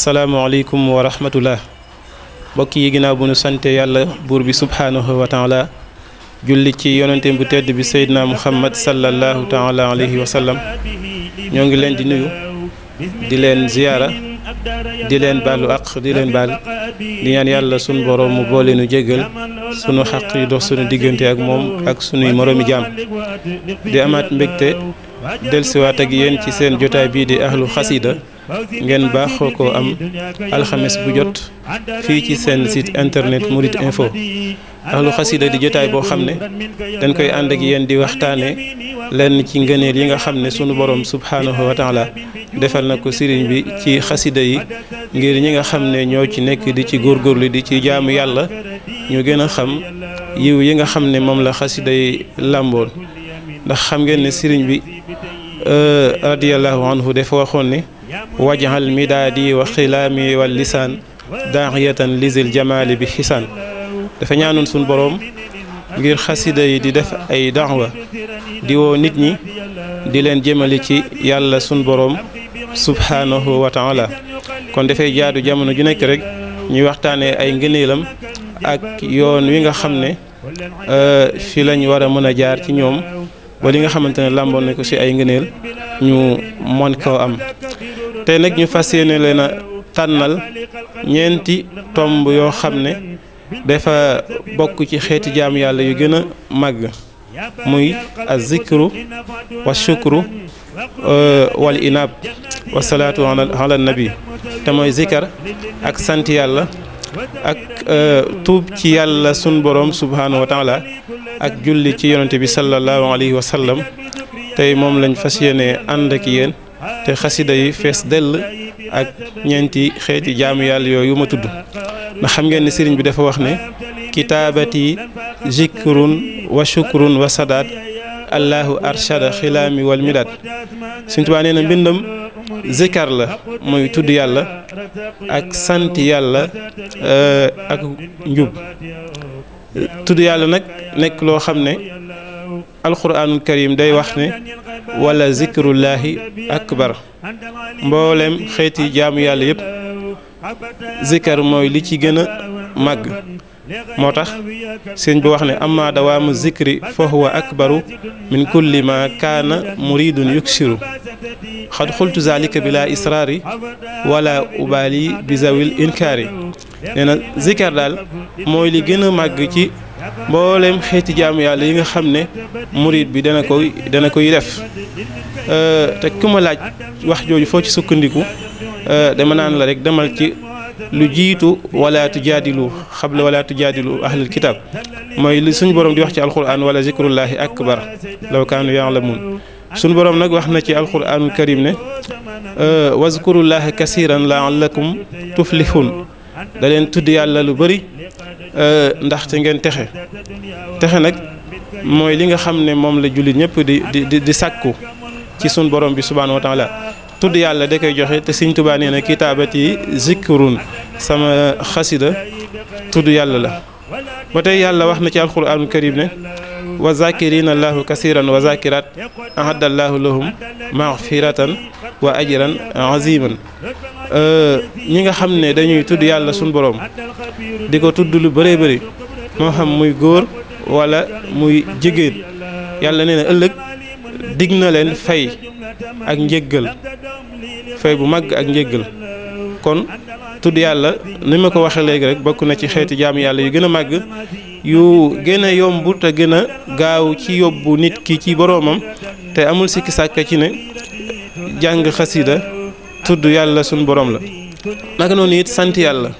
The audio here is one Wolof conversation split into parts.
asalaamaaleykum wa rahmatullah mbokk yi ginnaaw bu nu sante yàlla buur bi subhaanahu wa taala julli ci yonente bu tedd bi seydina muhammad sallallahu taala alayhi wa sallam ñoo ngi leen di nuyu di leen ziyaara di leen baalu àq di leen baal di ñaan yàlla sunu borom mu boole nu jéggal sunu xaq yi dox sunu diggante ak moom ak sunuy moroomi jaam di amaat mbégte delsiwaat ak yéen ci seen jotaay bii di ahlu xasida ngeen baaxoo ko am alxames bu jot fii ci seen sit internet Mouride info ahlu xasida di jotaay boo xam ne dañ koy ànd ak yéen di waxtaane lenn ci ngëneel yi nga xam ne sunu borom subhaanahu wa taala defal na ko sëriñ bi ci xasida yi ngir ñi nga xam ne ñoo ci nekk di ci góor góorgóorlu di ci jaamu yàlla ñu gën a xam yiw yi nga xam ne moom la xasida yi làmboon ndax xam ngeen sëriñ bi radiallahu anhu dafa waxoon ne wajaxal midaadi wa xilaami wal lisaan daaxiyatan lisil jamaali bi xisaan dafa ñaanoon suñ boroom ngir xasida yi di def ay daawa di woo nit ñi di leen jëmale ci yàlla sun boroom subhaanahu wa taala kon dafay jaadu jamono ju nekk rek ñuy waxtaanee ay ngëneelam ak yoon wi nga xam ne fi lañ war a mën a jaar ci ñoom ba li nga xamante ne làmboon nañ ko ci ay ngëneel ñu mën koo am tey nag ñu fas yéene leen a tànnal ñeenti tomb yoo xam ne dafa bokk ci xeeti jaam yàlla yu gën a màgg muy azikru wa shukru wal inaab wa salaatu ala nabi te mooy zikar ak sant yàlla ak tuub ci yàlla sun borom subhanahu wa taala ak julli ci yonante bi sallallahu alayhi wa sallam tey moom lañ fas yéene ànd ak yéen te xasida yi fees dell ak ñeenti xeeti jaamu yàlla yooyu ma tudd ndax xam ngeen ne sëriñ bi dafa wax ne kitaabati zikrun wa shukrun wa sadaat allahu arshada xilaami wal midaat Sëriñ Tuubaa mbindam zikar la mooy tudd yàlla ak sant yàlla euh, ak njub tudd yàlla nag nekk loo xam ne alxuraanul karim day wax ne wala zikrullahi akbar mboolem xeeti jaamu yàlla yépp zikar mooy li ci gën a màgg moo tax sëñ bi wax ne amma dawaamu zikri fa huwa akbaru min kulli ma kaana muridun yuksiru xad xultu zalika bi laa wala ubali bi zawil inkaari nee na zikar daal mooy li gën a ci mboolem xeeti jaamu yàlla yi nga xam murid bi dana koy dana koy def te ku ma laaj wax jooju foo ci sukkandiku dama naan la rek demal ci لجيتو ولا تجادلو خبل ولا تجادلو أهل الكتاب ما يلسون برام دي وحتي القرآن ولا ذكر الله أكبر لو كانوا يعلمون سن برام نقو احنا تي القرآن الكريم أه وذكر الله كثيرا لعلكم تفلحون دلين تدي على البري أه ndax te ngeen texe texe nag mooy li nga xam ne moom la julli ñëpp di di tudd yàlla da koy joxe te sëñ Tuubaa nee na kitaabati zikrun sama xasida tudd yàlla la ba tey yàlla wax na ci alxuraanul karim ne wa zakirina allahu kasiran wa zakirat ahadallahu lahum maghfiratan wa ajran aziman ñi nga xam ne dañuy tudd yàlla suñ boroom di ko tudd lu bëree bëri moo xam muy góor wala muy jigéen yàlla nee na ëllëg dig na leen fay ak njëggal fay bu màgg ak njéggal kon tudd yàlla ni ma ko waxee léegi rek bokk na ci xeeti jaamu yàlla yu gën a màgg yu gën a yomb te gaaw ci yóbbu nit ki ci boroomam te amul sikki sàkka ci ne jàng xasida tudd yàlla sunu borom la naka noonu it sant yàlla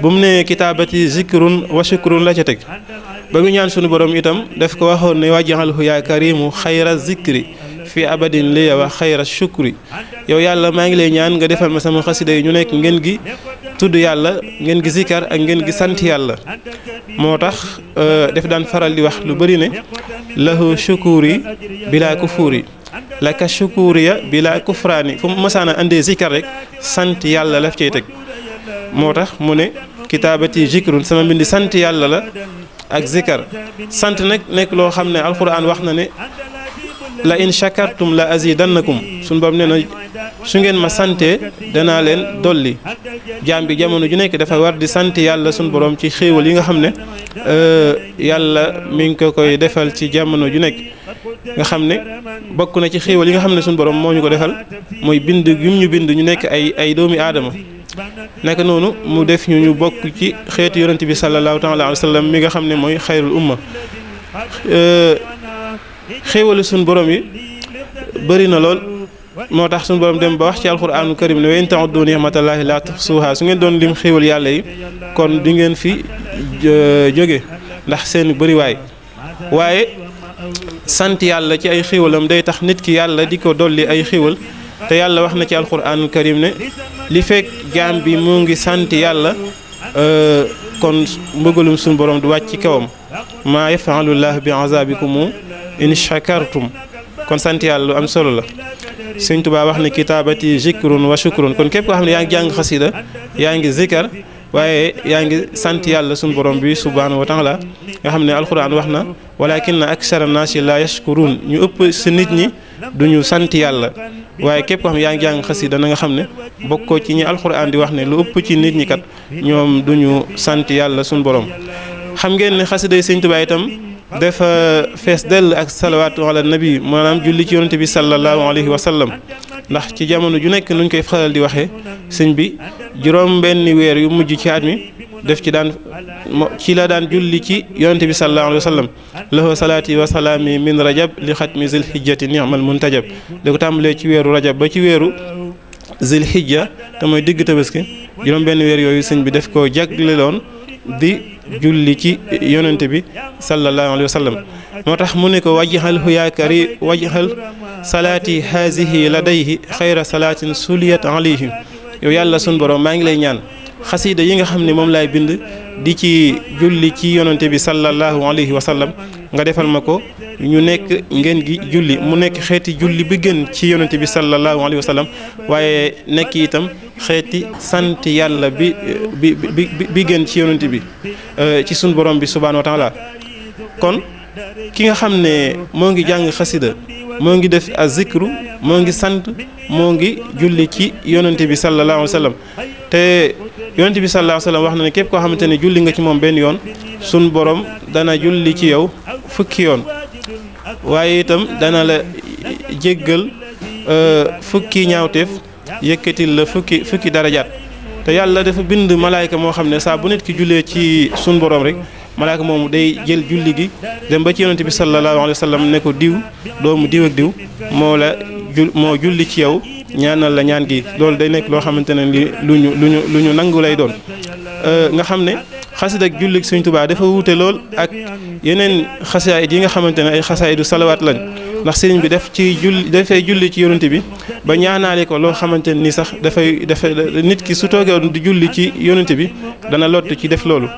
bu mu ne kitaabati zikrun wa shukrun la ca teg ba mu ñaan sunu borom itam daf ko waxoon ne wajjaxalhu yaa karimu xayra zikri fii abadin li wa xayra shukri yow yàlla maa ngi lay ñaan nga defal ma sama xasida yi ñu nekk ngeen gi tudd yàlla ngeen gi zikar ak ngeen gi sant yàlla moo tax def daan faral di wax lu bëri ne lahu shukuri bila kufuri laka shukuriya bila kufraani fu mu masaana andee zikar rek sant yàlla laf cey teg moo tax mu ne kitaabati zikrun sama mbindi sant yàlla la ak zikar sant nag nekk loo xam ne alxuraan wax na ne la in shakartum la azidannakum suñu borom nee na su ngeen ma sante danaa leen dolli jaam bi jamono ju nekk dafa war di sant yàlla suñu borom ci xéewal yi nga xam ne yàlla mi ngi ko koy defal ci jamono ju nekk nga xamne bokku na ci xewal yi nga xamne sun borom mo ñu ko defal moy bind gi ñu bind ñu nek ay ay doomi adama nek nonu mu def ñu ñu bokk ci xeetu yaronte bi sallallahu taala alayhi wa mi nga xamne moy khairul xayrul umma xewal sun borom yi bari na lol motax sun borom dem ba wax ci alxuraanu karim ne wa in ta'uddu ni'matallaahi laa tuhsuuhaa su ngeen don lim xewal yàlla yi kon di ngeen fi jóge ndax seen bari way waye sant yàlla ci ay xewalam day tax nit ki yàlla diko ko dolli ay xewal te yàlla wax na ci alxuraanu karim ne li fek jaam bi mo ngi sant yàlla euh kon mbëggalum sun borom du wàcc ci kawam maa yaf'alullaahu bi azaabikum in shakartum kon sant yàlla lu am solo la sëñ Tuubaa wax ne kitaabati zikrun wa shukrun kon képp koo xam ne jàng xasida yaa ngi zikar waaye yaa ngi sant yàlla suñu borom bi subhaanahu wa taala nga xam ne alxuraan wax na walakinna aksara la yashkurun ñu ëpp si nit ñi duñu sant yàlla waaye képp koo xam ne yaa ngi jàng xasida na nga xam ne ci ñi alxuraan di wax ne lu ëpp ci nit ñi kat ñoom duñu sant yàlla suñu borom xam ngeen ne xasida yi sëñ itam dafa fees dell ak salawaatu ala nabi maanaam julli ci yonante bi sallallahu alayhi wa sallam ndax ci jamono ju nekk nuñ koy faral di waxee sëñ bi juróom benn weer yu mujj ci at def ci daan ci la daan julli ci yonante bi sallallahu alayhi wa sallam lahu salaati wa salaami min rajab li xatmi zil hijjati ni'mal muntajab da ko tàmbalee ci weeru rajab ba ci weeru zil hijja te mooy digg tabaski juróom benn weer yooyu sëñ bi def ko jagleloon di julli ci yonent bi sallallahu sallam moo tax mu ne ko wajjalhu yaa kari wajjal salaati haasihi ladayhi xayra salaatin suliyat alayhi yow yàlla sun borom maa ngi lay ñaan xasiida yi nga xam ne moom laay bind di ci julli ci yonent bi sallallahu alayhi wa sallam nga defal ma ko ñu nekk ngeen gi julli mu nekk xeeti julli bi gën ci yonent bi sallallahu alayhi wa sallam waaye nekk itam xeeti sant yàlla bi bi bi bi gën ci yonent bi euh, ci sunu borom bi subhaanahu wa kon ki nga xam ne moo ngi jàng xasida moo ngi def azikru moo ngi sant moo ngi julli ci yonent bi sallallahu te yonent bi sallallahu alayhi wa wax na ne képp koo xamante ne julli nga ci moom benn yoon sun borom dana julli ci yow fukki yoon. waaye itam dana la jéggal euh, fukki ñaawteef yëkkatil la fukki fukki darajaat te yàlla dafa bind malaayka moo xam ne saa bu nit ki jullee ci sun borom rek malaayka moomu day jël julli gi dem ba ci yonante bi sallallahu alayhi wa ne ko diw doomu diw ak diw moo la moo julli ci yow ñaanal la ñaan gi loolu day nekk loo xamante ne li lu ñu lu ñu lu ñu nangu lay doon euh, nga xam ne xasida ak jullig Sëñ Tuubaa dafa wuute lool ak yenen khasaay yi nga xamantene ay khasaay du salawat lañ ndax serigne bi def ci da fay julli ci yonent bi ba ñaanalé ko lo xamantene ni sax da fay nit ki su won di julli ci yonent bi dana lott ci def lolu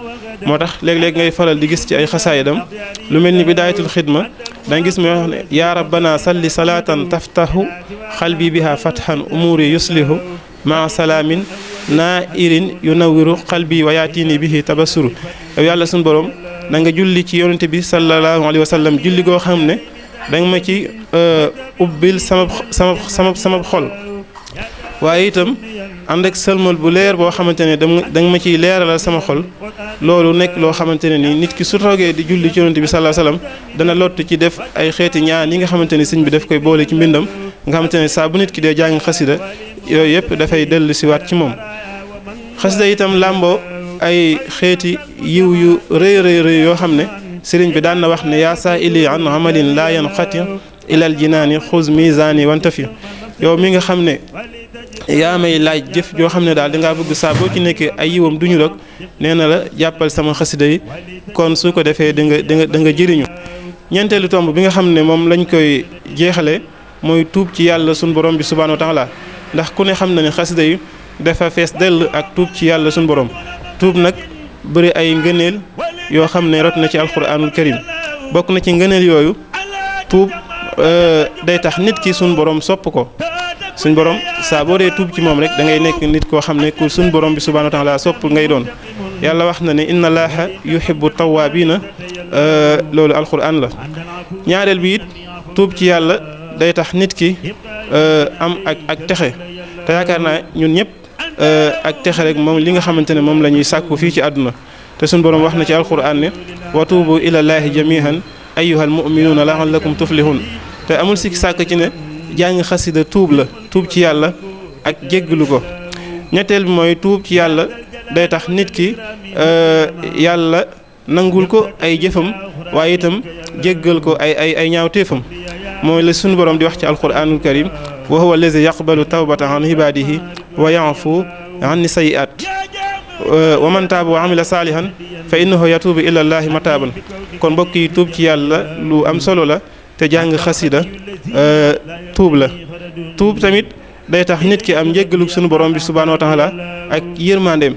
motax leg leg ngay faral di gis ci ay dam lu mel ni khidma da danga gis muy wax ya rabbana salli salatan taftahu qalbi biha fathan umuri yuslihu ma salamin na irin yunawiru xalbi wayatini bihi tabasuru yow yàlla suñu borom da nga julli ci yonente bi sallallahu alayhi wasallam julli go xamne da nga ma ci euh ubil sama sama sama sama xol waye itam ànd ak sëlmal bu leer bo xamantene da nga ma ci leeralal sama xol lolu nek lo xamantene ni nit ki su toogee di julli ci yonente bi sallallahu alayhi wasallam dana lott ci def ay xeeti ñaan yi nga xamantene ne sëñ bi daf koy bolé ci mbindam nga xamantene sa bu nit ki de jàng khassida yoy yep da fay siwaat ci wat ci mom khassida itam lambo ay xeeti yiw yu rëy rëy rëy yoo xam ne sëriñ bi daan na wax ne yaa saa ili an amalin laa yanqati ilal jinaani xuz misaani wanta fi yow mi nga xam ne yaa may laaj jëf joo xam ne daal dangaa bëgg saabu boo ci nekkee ay yiwam duñu dog nee na la jàppal sama xasida yi kon su ko defee danga nga jëriñu ñeenteelu tomb bi nga xam ne moom lañ koy jeexale mooy tuub ci yàlla sunu borom bi subhaanahu wa taala ndax ku ne xam na ne xasida yi dafa fees dell ak tuub ci yàlla sunu borom tuub nag bëri ay ngëneel yoo xam ne rot na ci alxuraanul karim bokk na ci ngëneel yooyu tuub euh, day tax nit ki suñ borom sopp ko suñ borom saa boo dee tuub ci moom rek da ngay nekk nit koo xam ne ku suñ borom bi subhaanahu wa taala sopp ngay doon yàlla wax na ne inna laaha yuhibbu tawaabiina euh, loolu alxuraan la ñaareel bi it tuub ci yàlla day tax nit ki euh, am ak ak texe te yaakaar naa ñun ñëpp ak texe rek moom li nga xamantene mom lañuy sàkku fi ci aduna te sun borom waxna ci alquran ne wa ila allah jamihan ayyuhal almu'minuna laallakum tuflihun te amul sik sak ci ne jàng xasida tub la tub ci yàlla ak jeglu ko ñettel bi moy tub ci yàlla day tax nit ki euh yàlla nangul ko ay jëfam waye itam jéggal ko ay ay ay ñaawteefam mooy la sunu borom di wax ci alquranul karim وهو الذي يقبل التوبة عن عباده ويعفو عن السيئات waman taaba wa amila saalihan fa innahu yatuubu ila llaahi mataaban kon mbokk yi tuub ci yàlla lu am solo la te jàng xasida tuub la tuub tamit day tax nit ki am njéggalu sunu borom bi subhaanahu wa taala ak yërmandeem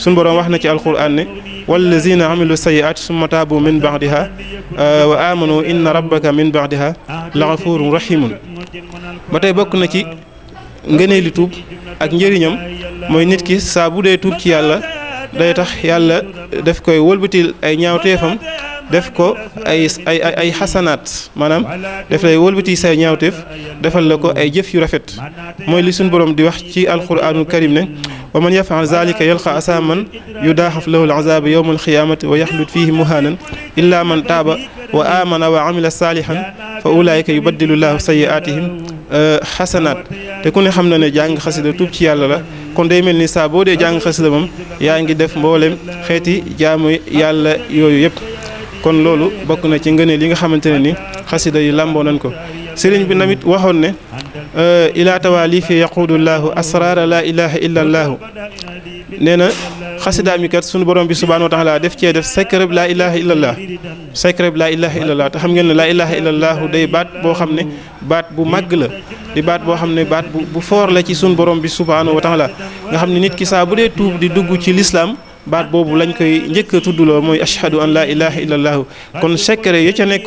sunu borom wax na ci alquran ne wallazina amilu sayiat summa taabu min baxdiha wa amanu inna rabbaka min baxdiha la gafuurun rahimun ba tey bokk na ci ngëneeli tuub ak njëriñam mooy nit ki saa bu dee tuub ci yàlla day tax yàlla def koy wëlbatil ay ñaawteefam def ko ay ay ay xasanaat maanaam def lay wëlbati say ñaawteef defal la ay jëf yu rafet mooy li suñ borom di wax ci alquraanul karim ne wa man yafaal zalika yalqa asaaman yudaahaf lahu alazaba yowma alqiyamati wa yaxlud fihi muhaanan illa man taaba wa amana wa amila saalihan fa ulaayika yubaddilu llahu sayiaatihim Euh, xasanaat te ku ne xam na ne jàng xasida tuub ci yàlla la kon day mel ni saa boo dee jàng xasida moom yaa ngi def mboolem xeeti jaamu yàlla yooyu yëpp kon loolu bokk na ci ngëne li nga xamante ne ni xasida yi làmboo nañ ko sëriñ bi namit waxoon ne euh, ilaa tawalifi yaquudullaahu asraara laa ilaha illa allaahu nee na خسدا ميكر سون بروم بي سبحانه وتعالى ديف تي ديف سكرب لا اله الا الله سكرب لا اله الا الله تخم نين لا اله الا الله دي بات بو خامني بات بو ماغ لا دي بات بو خامني بات بو فور لا سي سون بروم بي سبحانه وتعالى غا خامني نيت كي سا بودي توب دي دوجو سي الاسلام بات بوبو لا نكاي نيك تودلو موي اشهد ان لا اله الا الله كون سكر يا تي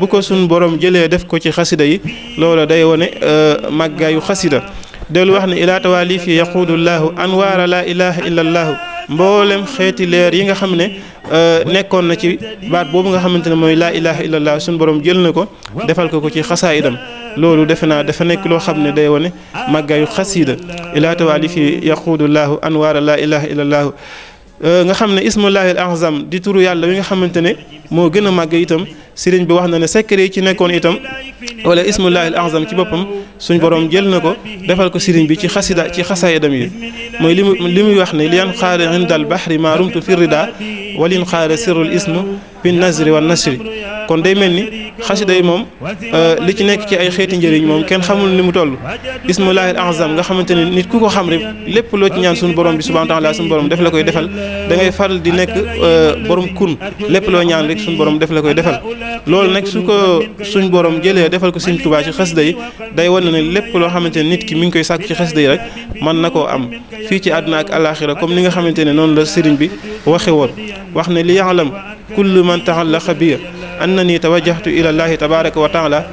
بو كو بروم جيلي ديف كو خسدا يي لولا داي وني ماغا خسدا دل واخني الى توالي في يقود الله انوار لا اله الا الله mboolem xeeti leer yi nga xam ne euh, nekkoon na ci baat boobu nga xamante ne mooy laa ilaha illallah suñu boroom jël na ko defal ko ko ci xasaa xasaayidam loolu defe naa dafa nekk loo xam ne day wane màggaayu xasiida ilaa yi fi yaquudu laahu anwaara laa ilaha illallahu nga xamne ne ismullahi al azam di turu yàlla wi nga xamantene mo gëna gën itam serigne bi wax na ne secret ci nekkon itam wala ismullahi al azam ci bopam suñ borom jël nako defal ko serigne bi ci khasida ci xasaayadam yi moy limu wax ne li an xaara inda bahri ma rumtu fi rida walin xaara sirrul ism bin nazri wan nasri kon day melni khassida mom li ci nek ci ay xeeti njëriñ mom kenn xamul ni mu toll bismillah al azam nga xamanteni nit ku ko xam rek lépp lo ci ñaan suñu borom bi subhanahu wa taala suñu borom def la koy defal da ngay faral di nek borom kun lépp lo ñaan rek suñu borom def la koy defal lool nak suko suñu borom jëlé defal ko Sëriñ touba ci khassida yi day wane ni lépp lo xamanteni nit ki mi ngi koy sàkku ci khassida yi rek man nako am fi ci aduna ak alaxira comme ni nga xamanteni non la sëriñ bi waxe won wax ne li ya'lam kullu man ta'allaqa bi أنني توجهت إلى الله تبارك وتعالى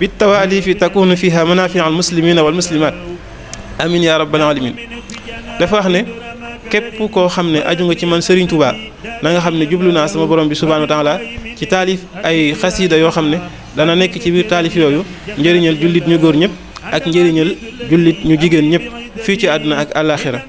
بالتوالي في تكون فيها منافع المسلمين والمسلمات أمين يا رب العالمين دفعني كيف كو خمني أجنغ تيمان سرين توبا نغا خمني جبلنا سما بروم بي سبحانه وتعالى كي تاليف أي خسيدة يو خمني دانا نيك تي بير تاليف يو نجيرينيال جوليت ني غور نيب اك نجيرينيال جوليت ني جيجن نيب في تي ادنا اك الاخره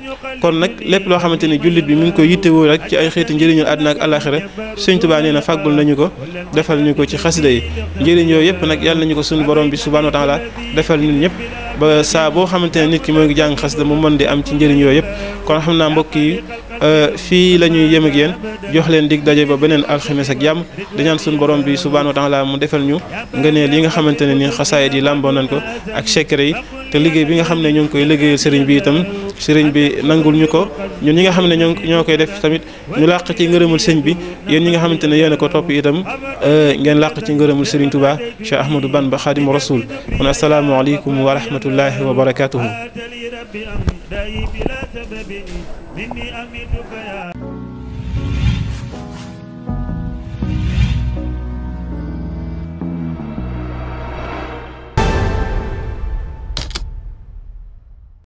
kon nag lépp loo xamante ni jullit bi mu ngi koy woo rek ci ay xeeti njëriñul àdduna ak alaxira sëñ Tuubaa nee na fàggul nañu ko defal ñu ko ci xasida yi njëriñ yooyu yëpp nag yàlla nañu ko suñu borom bi subhaanahu wa taala defal ñun ñëpp ba saa boo xamante ne nit ki moo ngi jàng xasida mu mën di am ci njëriñ yooyu yëpp kon xam naa mbokk yi euh, fii la ñuy yem ak yéen jox leen dig daje ba beneen alxames ak jàmm di ñaan suñu borom bi subhaanahu wa taala mu defal ñu nga ne li nga xamante ne ni xasaayid yi làmboo nañ ko ak secret yi te liggéey bi nga xam ne ñoo ngi koy liggéeyal sëriñ bi itam serigne bi nangul ñuko ñun ñi nga xamne ñokay def tamit ñu làq ci ngeureumul serigne bi yéen ñi nga xamantene yéen ko top itam euh ngeen làq ci ngeureumul serigne Touba Cheikh Ahmadou ba khadim Rasoul wa assalamu alaykum wa rahmatullahi wa barakatuh